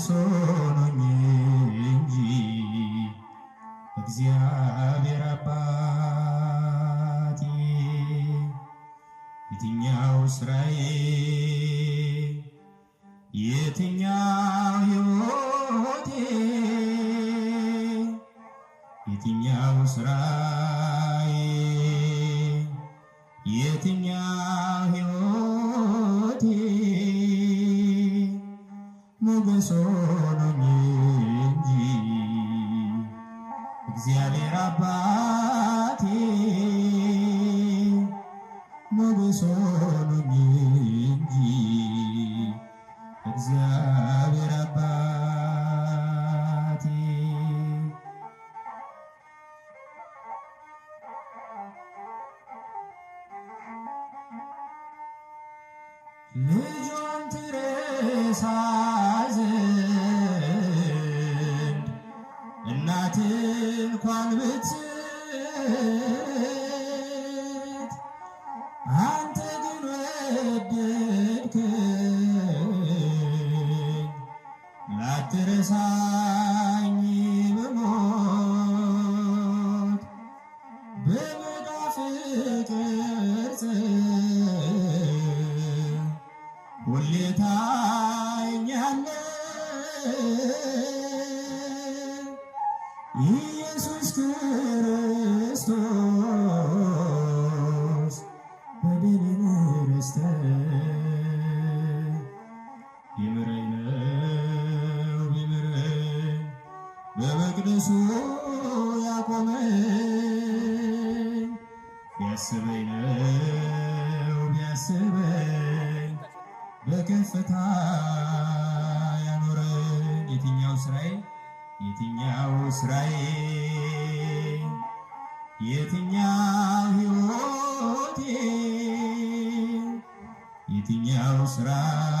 so ሞገሶን እንጂ እግዚአብሔር አባ እናት እንኳን ብት Nazareth.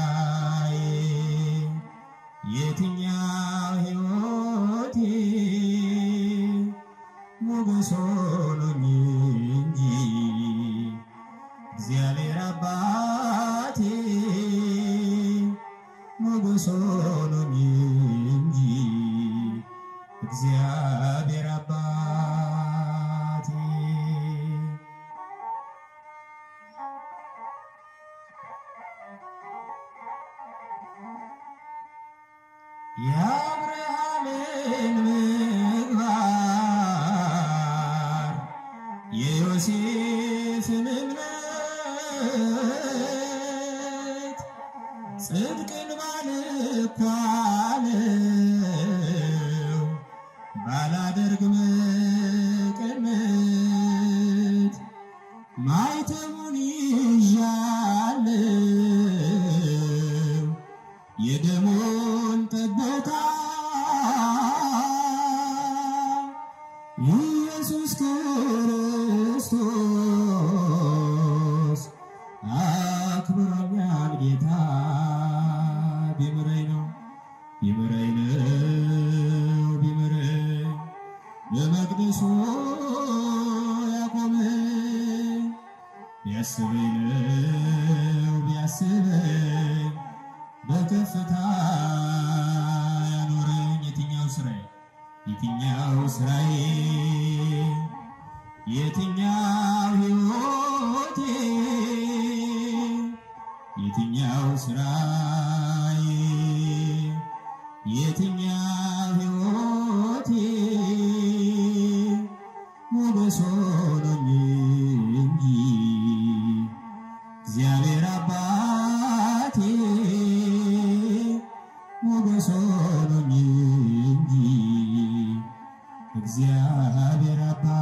Yeah. የደሙን ጠብታ የትኛው ስራዬ የትኛው ሕይወቴ የትኛው ስራዬ Alavirapa.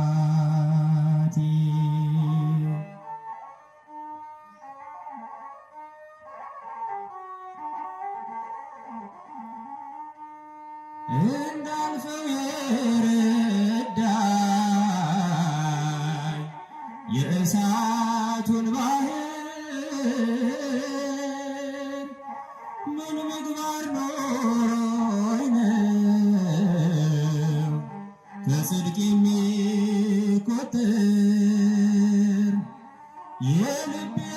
Yeah.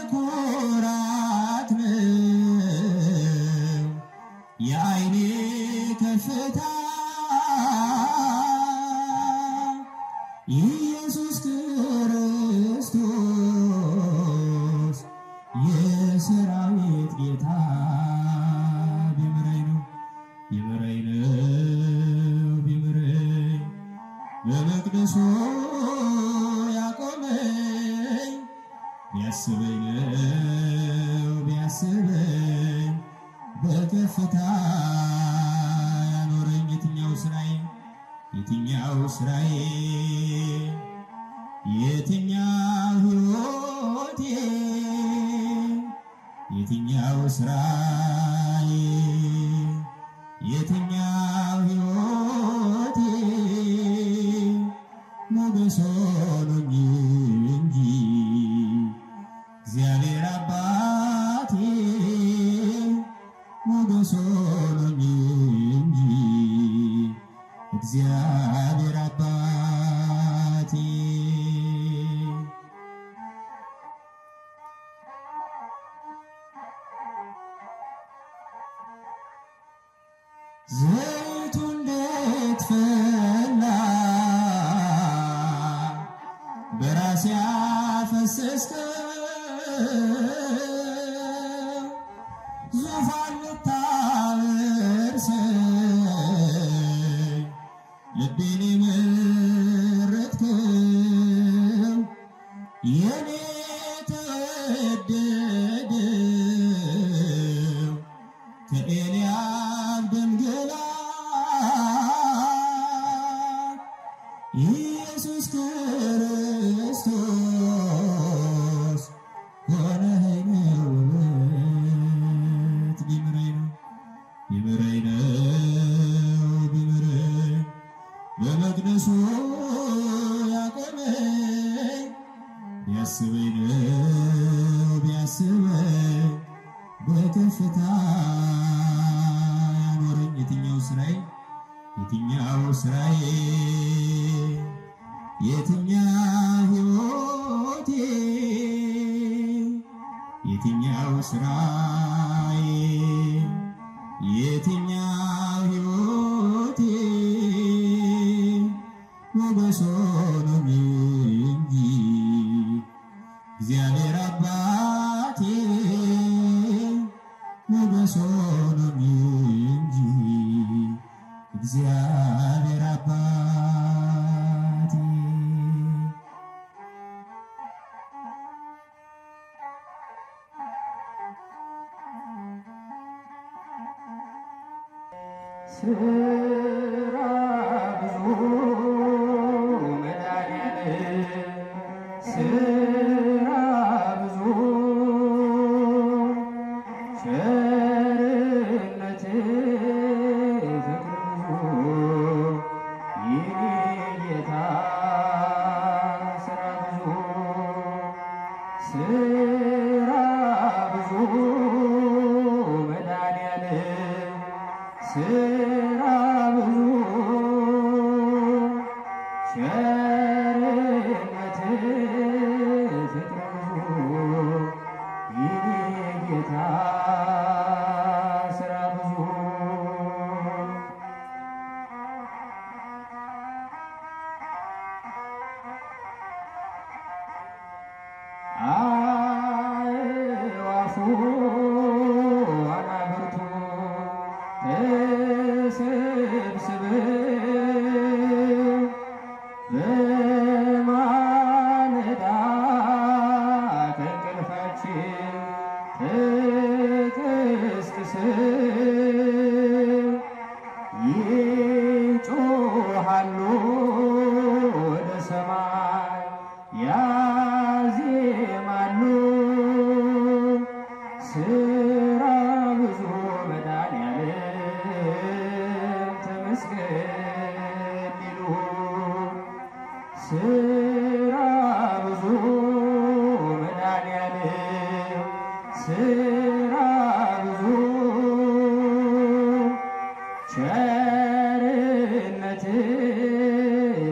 ፈታ ያኖረኝ የትኛው ስራዬ የትኛው ስራዬ የትኛው ህይወቴ የትኛው ስራ I'm Mogą słowa mi you. dini ያቆመኝ ቢያስበኝ ነው ቢያስበኝ በከፍታ ያኖረኝ የትኛው ስራዬ የትኛው ስራዬ የትኛው ሕይወቴ የትኛው ስራ Yeah.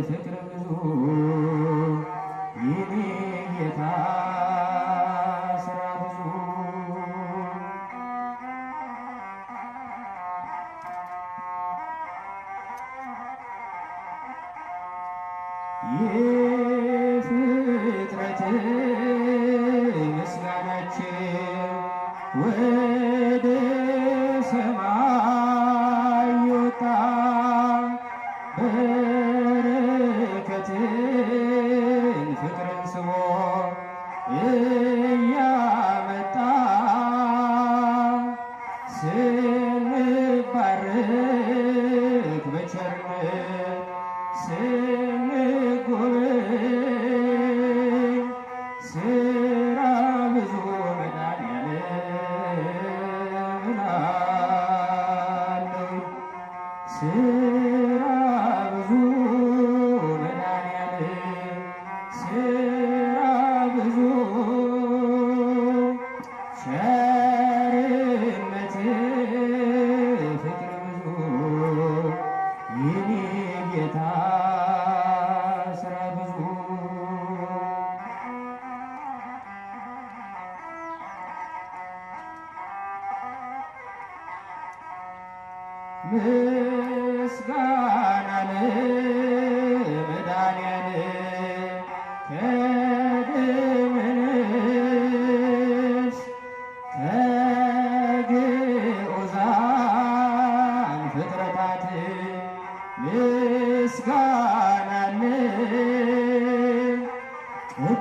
etcétera.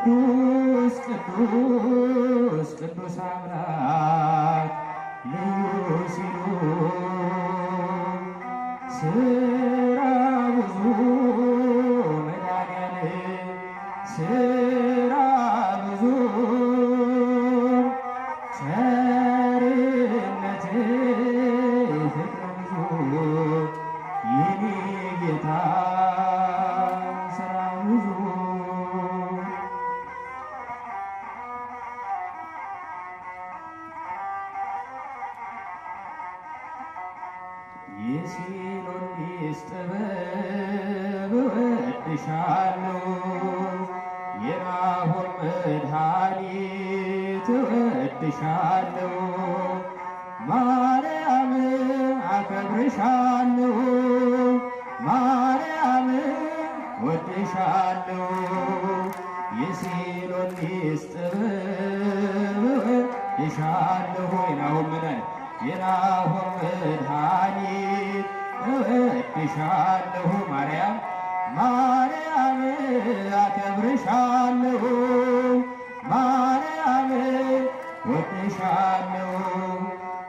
ቅዱስ ቅዱስ ቅዱስ አምላክ ማርያም ወድሻለሁ የሲሎን ሚስጥር ይሻለሁ የናሆም ነን የናሆም መድኃኒት እወድሻለሁ ማርያም ማርያም አከብርሻለሁ ማርያም ወድሻለሁ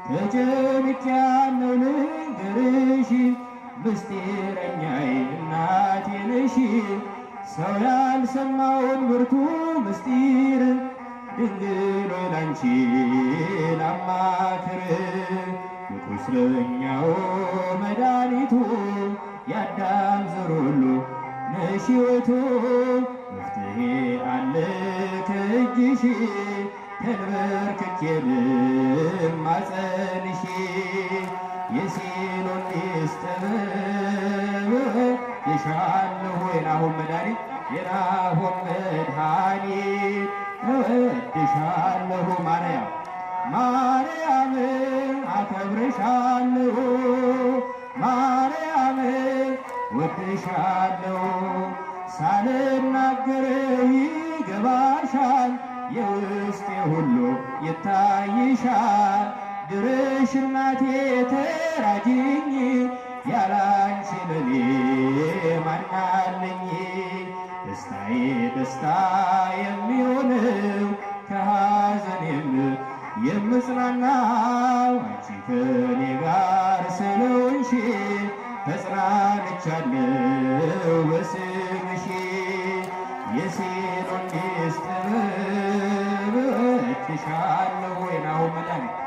ተጨንቄያለሁ ልንገርሽ ምስጢረኛዬ እናቴ ነሽ ሰው ያልሰማውን ብርቱ ምስጢር ድንግል ሆይ ላንቺ ላማክር የቁስለኛው መድኃኒቱ ያዳም ዘር ሁሉ ነሽ ሕይወቱ መፍትሄ አለ ከእጅሽ ተንበርክኬ ልማጸንሽ የሲኖን ጥበብ የሻለሁ የናሆም መድኃኒት የናሆም መድኃኒት እወድሻለሁ ማርያም ማርያምን አከብርሻለሁ ማርያምን ወድሻለሁ ሳልናገር ይገባሻል የውስጤ ሁሉ ይታይሻል ድርሽን ናቴ ተራጅኝ ያላንቺ ለኔ ማናለኝ ደስታዬ ደስታ የሚሆነው ከሐዘኔም የምጽናናው አንቺ ከኔ ጋር ስለሆንሽ ተጽናንቻለሁ በስምሽ የሴሎን ስ ጥበብ ወይናሁ መድኃኒት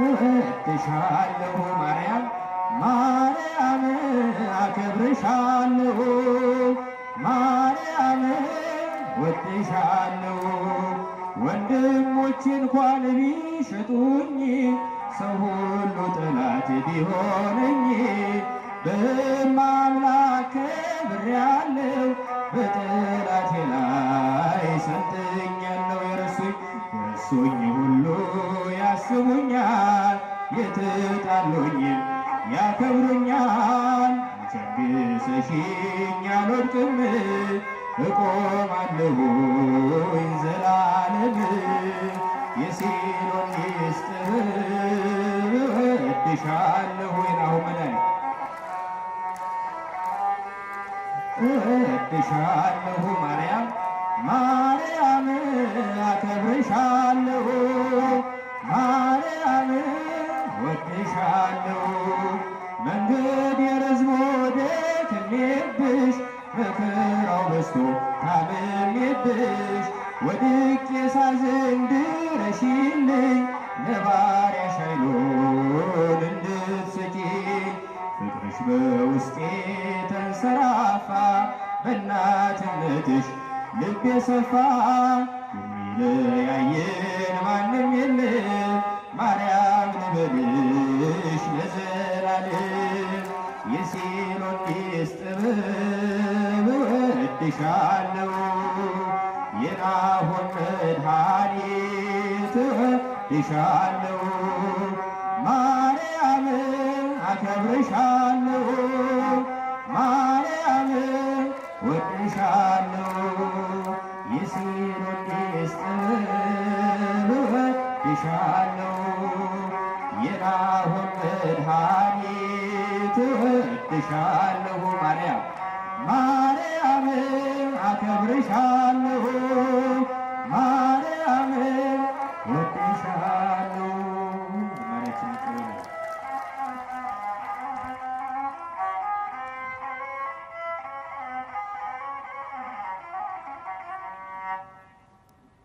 እወድሻለሁ ማርያም ማርያም አከብርሻለሁ ማርያም ወድሻለሁ ወንድሞች እንኳን ቢሸጡኝ ሰው ሁሉ ጠላት ቢሆነኝ በማምላክ ብሬያለሁ በጠላቴ ላይ ሰልጥኛለሁ የረሱኝ የረሱኝ ሁሉ ያስቡኛል የተጣሉኝ ያከብሩኛል ቸግሰሽኝ አልወድቅም እቆማለሁ ዘላለም የሲኖን ሚስጥር እወድሻለሁ ናሁ መላይ እወድሻለሁ ማርያም ማርያም አከብርሻለሁ አውቃለሁ። መንገዴን ረዝሞለት ልብሽ መከራው በዝቶ ታምሜብሽ ወድቄ ሳዝን ድረሽልኝ ለባሪያሽ ኃይሉን እንድትሰጪኝ ፍቅርሽ በውስጤ ተንሰራፋ በእናትነትሽ ልቤ ሰፋ የሚለያየን ማንም የለም ማርያም ልበልሽ ለዘላለም የሲኖን ቄስ ጥበብ እወድሻለሁ የናሆን መድኃኒት እወድሻለሁ ማርያምን አከብርሻለሁ